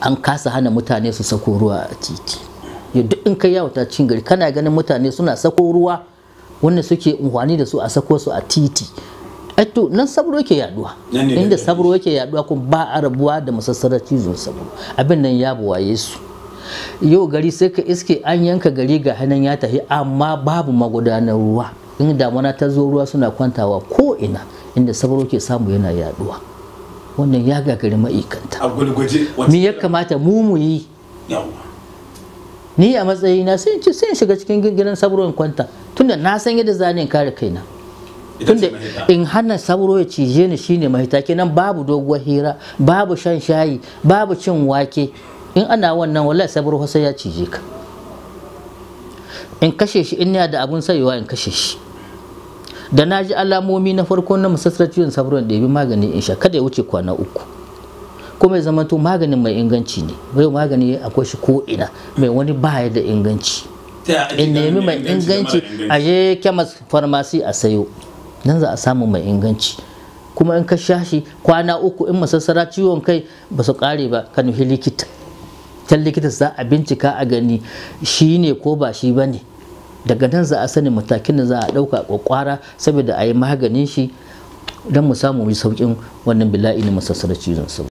an kasa hana mutane su sako ruwa a titi ya duk in kai yawata cikin gari kana ganin mutane suna sako ruwa wanda suke unhwani da su a sako su a titi to nan sabro yake yaduwa inda sabro yake yaduwa kuma ba a rabuwa da masassarar cizon sabro abin nan ya buwaye su yau gari sai ka iske an yanka gari ga hannun ya tafi amma babu magudanar ruwa in damana ta zo ruwa suna kwantawa ko ina inda sabro ke samu yana yaduwa wannan ya gagari ma'aikanta me ya kamata mu mu yi ni a matsayina sai ci sai shiga cikin gidan sabro in kwanta tunda na san yadda zane kare kaina tunda in hana sauro ya cije ni shine mahita kenan babu doguwar hira babu shan shayi babu cin wake in ana wannan wallahi sabro sai ya cije ka in kashe shi in ya da abun sayowa in kashe shi da na ji alamomi na farko na musassar ciwon sabron bi magani in sha kada ya wuce kwana uku kuma ya zama to maganin mai inganci ne bai magani akwai shi ko ina mai wani baya da inganci in nemi mai inganci a je kemas farmasi a sayo nan za a samu mai inganci kuma in ka sha shi kwana uku in masassara ciwon kai ba su kare ba ka nufi likita can likita za a bincika a gani shi ne ko ba shi ba ne daga nan za a sani matakin da za a ɗauka kwakwara saboda a yi maganin shi don mu samu mu sauƙin wannan bila'i na masassarar cizon sauro